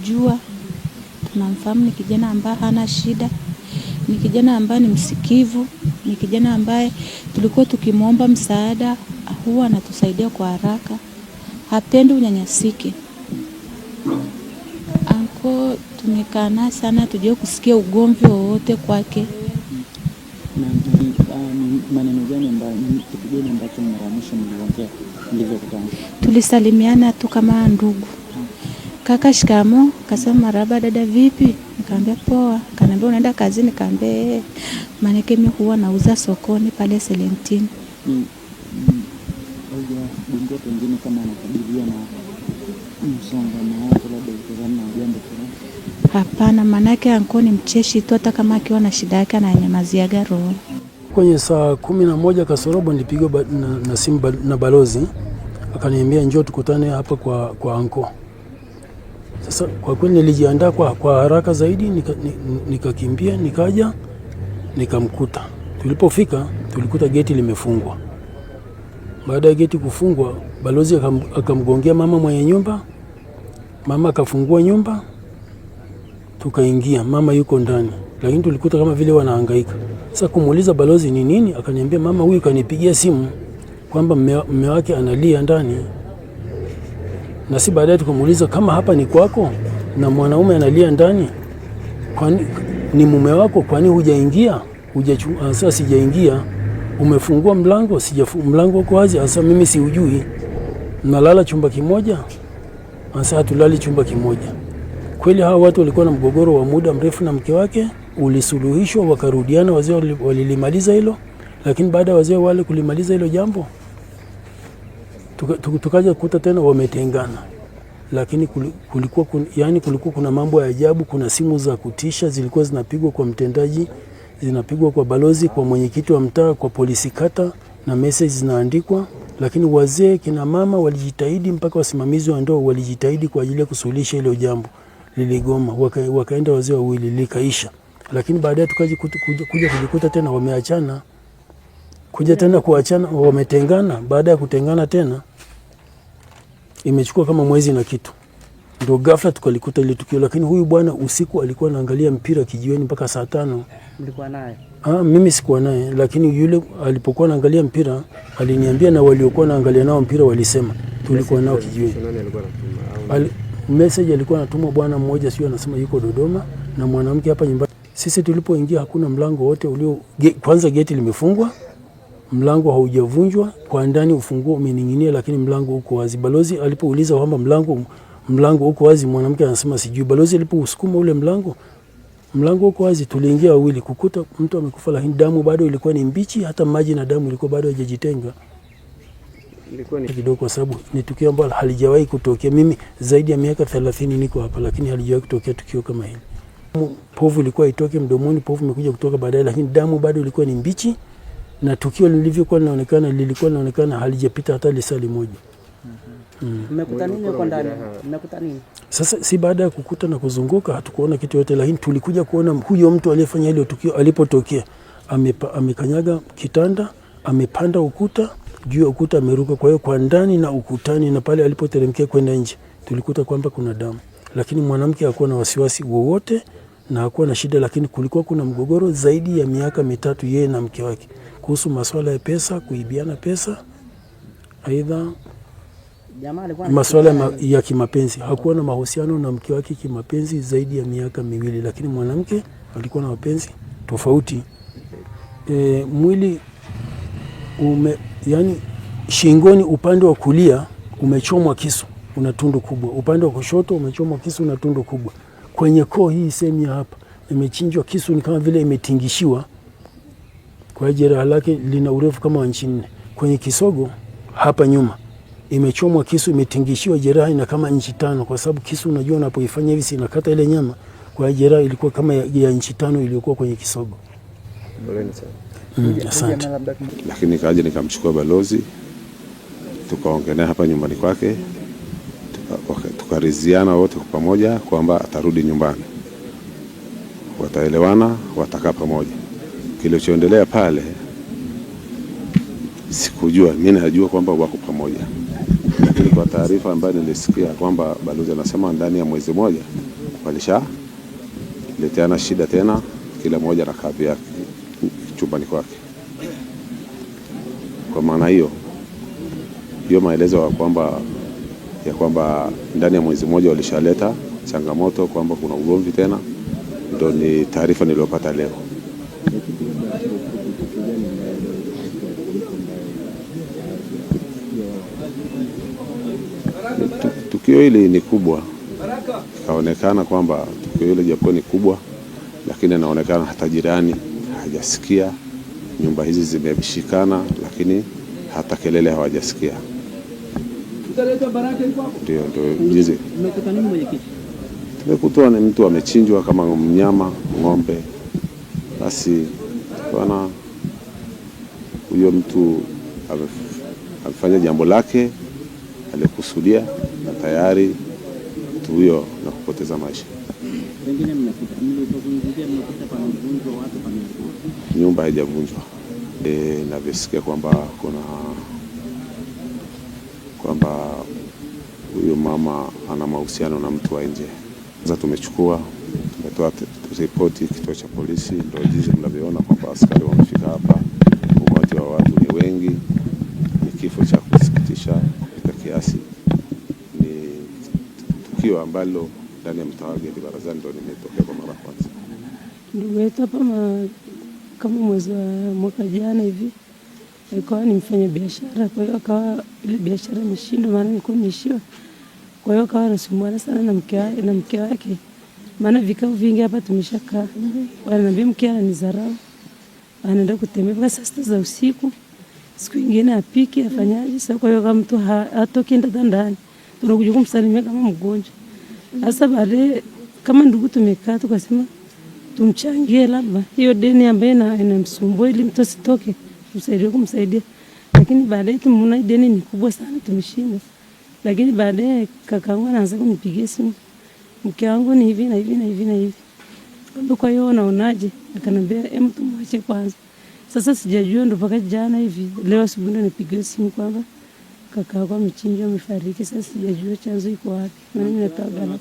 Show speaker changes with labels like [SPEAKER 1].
[SPEAKER 1] tunamjua, tunamfahamu. Ni kijana ambaye hana shida, ni kijana ambaye ni msikivu, ni kijana ambaye tulikuwa tukimwomba msaada huwa anatusaidia kwa haraka, hapendi unyanyasike. Anko tumekaa naye sana, tujue kusikia ugomvi wowote kwake
[SPEAKER 2] maneno gani ambayo kitu gani ambacho mara mwisho mliongea
[SPEAKER 1] Tulisalimiana tu kama ndugu kaka shikamo, kasema maraba. Dada vipi? Nikamwambia poa. Kaniambia unaenda kazini? Nikaambia eh, mimi huwa nauza sokoni pale Selentini. Mm. Mm. Hapana, maanake anko ni mcheshi tu, hata kama akiwa na shida yake ananyamaziaga roho.
[SPEAKER 3] Kwenye saa kumi na moja kasorobo nilipigwa na, na simu na balozi akaniambia njoo tukutane hapa kwa, kwa anko sasa kwa kweli nilijiandaa kwa, kwa haraka zaidi nikakimbia nika nikaja nikamkuta. Tulipofika tulikuta geti limefungwa. Baada ya geti kufungwa, balozi akamgongea mama mwenye nyumba, mama akafungua nyumba, tukaingia. Mama yuko ndani, lakini tulikuta kama vile wanahangaika. Sasa kumuuliza balozi ni nini, akaniambia mama huyu kanipigia simu kwamba mme wake analia ndani na si baadaye tukamuuliza kama hapa ni kwako na mwanaume analia ndani, kwani ni mume wako, kwani hujaingia? Sasa sijaingia. Umefungua mlango? Sijafungua. Mlango uko wazi. Hasa mimi siujui. Nalala chumba kimoja? Hasa hatulali chumba kimoja. Kweli hawa watu walikuwa na mgogoro wa muda mrefu na mke wake, ulisuluhishwa, wakarudiana, wazee walilimaliza hilo. Lakini baada ya wazee wale kulimaliza hilo jambo tuka, tukaja kukuta tena wametengana, lakini kulikuwa, kun, yani kulikuwa kuna mambo ya ajabu. Kuna simu za kutisha zilikuwa zinapigwa kwa mtendaji, zinapigwa kwa balozi, kwa mwenyekiti wa mtaa, kwa polisi kata, na message zinaandikwa. Lakini wazee, kina mama walijitahidi, mpaka wasimamizi wa ndoa walijitahidi kwa ajili ya kusuluhisha hilo jambo. Liligoma, waka, wakaenda wazee wawili, likaisha. Lakini baadaye tukaji kuja kujikuta tena wameachana, kuja tena kuachana, wametengana. Baada ya kutengana tena imechukua kama mwezi na kitu, ndio ghafla tukalikuta ile tukio. Lakini huyu bwana usiku alikuwa anaangalia mpira kijiweni mpaka saa tano. Mlikuwa naye? Ah, mimi sikuwa naye, lakini yule alipokuwa anaangalia mpira aliniambia, na waliokuwa naangalia nao mpira walisema tulikuwa nao kijiweni. Message alikuwa anatumwa bwana mmoja, sio anasema yuko Dodoma na mwanamke hapa nyumbani. Sisi tulipoingia hakuna mlango wote ulio ge, kwanza geti limefungwa mlango haujavunjwa kwa ndani, ufunguo umening'inia, lakini mlango uko wazi. Balozi alipouliza kwamba mlango mlango uko wazi, mwanamke anasema sijui. Balozi alipousukuma ule mlango, mlango uko wazi, tuliingia wawili, kukuta mtu amekufa, lakini damu bado ilikuwa ni mbichi, hata maji na damu ilikuwa bado haijajitenga kidogo kwa sababu ni tukio ambalo halijawahi kutokea. Mimi zaidi ya miaka 30 niko hapa, lakini halijawahi kutokea tukio kama hili. Povu ilikuwa itoke mdomoni, povu imekuja kutoka baadaye, lakini damu bado ilikuwa ni mbichi na tukio lilivyokuwa linaonekana lilikuwa linaonekana halijapita hata lisali moja.
[SPEAKER 2] Mm-hmm. Mm-hmm.
[SPEAKER 3] Sasa si baada ya kukuta na kuzunguka hatukuona kitu yote, lakini tulikuja kuona huyo mtu aliyefanya hilo tukio alipotokea amekanyaga ame kitanda, amepanda ukuta, juu ya ukuta ameruka. Kwa hiyo kwa ndani na ukutani na pale alipoteremkia kwenda nje tulikuta kwamba kuna damu, lakini mwanamke hakuwa na wasiwasi wowote na hakuwa na shida, lakini kulikuwa kuna mgogoro zaidi ya miaka mitatu yeye na mke wake kuhusu masuala ya pesa, kuibiana pesa, aidha masuala ya kimapenzi. Hakuwa na mahusiano na mke wake kimapenzi zaidi ya miaka miwili, lakini mwanamke alikuwa na mapenzi tofauti. E, mwili ume, yani shingoni upande wa kulia umechomwa kisu una tundu kubwa, upande wa kushoto umechomwa kisu una tundu kubwa kwenye koo hii sehemu ya hapa imechinjwa, kisu ni kama vile imetingishiwa, kwa jeraha lake lina urefu kama inchi nne. Kwenye kisogo hapa nyuma imechomwa kisu, imetingishiwa, jeraha ina kama inchi tano, kwa sababu kisu, unajua, unapoifanya hivi sinakata ile nyama, kwa jeraha ilikuwa kama ya, ya inchi tano iliyokuwa kwenye kisogo.
[SPEAKER 4] Mm, asante. Lakini kaja nikamchukua balozi tukaongelea hapa nyumbani kwake tukariziana wote kwa pamoja kwamba atarudi nyumbani, wataelewana, watakaa pamoja. Kilichoendelea pale sikujua, mimi najua kwamba wako pamoja, lakini kwa taarifa ambayo nilisikia kwamba balozi anasema ndani ya mwezi mmoja leteana shida tena, kila mmoja na kavi yake chumbani kwake. Kwa maana hiyo hiyo maelezo ya kwamba ya kwamba ndani ya mwezi mmoja walishaleta changamoto kwamba kuna ugomvi tena, ndio ni taarifa niliyopata leo. Tukio hili ni kubwa, ikaonekana kwamba tukio hili japo ni kubwa, lakini anaonekana hata jirani hajasikia. Nyumba hizi zimeshikana, lakini hata kelele hawajasikia. Ndio, ndio juzi tumekutwa ni mtu amechinjwa kama mnyama ng'ombe. Basi bwana huyo mtu amefanya jambo lake alikusudia, na tayari mtu huyo na kupoteza maisha. Nyumba haijavunjwa e, navyosikia kwamba kuna kwamba huyo mama ana mahusiano na mtu wa nje. Sasa tumechukua tumetoa ripoti kituo cha polisi, ndio jinsi mnavyoona kwamba askari wamefika hapa, umati wa watu ni wengi. Ni kifo cha kusikitisha kupita kiasi, ni tukio ambalo ndani ya mtaa wa Gendi Barazani ndio limetokea kwa mara ya kwanza.
[SPEAKER 1] Ndugu yetu hapa kama mwezi wa mwaka jana hivi nilikuwa ni mfanya biashara, kwa hiyo akawa ile biashara imeshindwa, maana nilikuwa nimeishiwa. Kwa hiyo akawa anasumbuana sana na mke wake na mke wake, maana vikao vingi hapa tumeshakaa, wananiambia mke ananizarau, anaenda kutembea mpaka saa sita za usiku, siku ingine apiki afanyaje? Sasa kwa hiyo kama mtu hatoki ndani ndani, tunakuja kumsalimia kama mgonjwa. Sasa baadaye kama ndugu tumekaa tukasema tumchangie labda hiyo deni ambayo inamsumbua ili mtu asitoke tusaidie kumsaidia, lakini baadaye tumeona deni ni kubwa sana, tumeshinda. Lakini baadaye wangu anaanza kunipigia simu, mke wangu ni hivi na hivi na hivi na hivi, kwa hiyo unaonaje? Akanambia hebu tumwache kwanza. Sasa sijajua, ndo mpaka jana hivi leo asubuhi ndo nipigiwa simu kwamba wangu amechinjwa, amefariki. Sasa sijajua chanzo iko wapi, maana ninatoa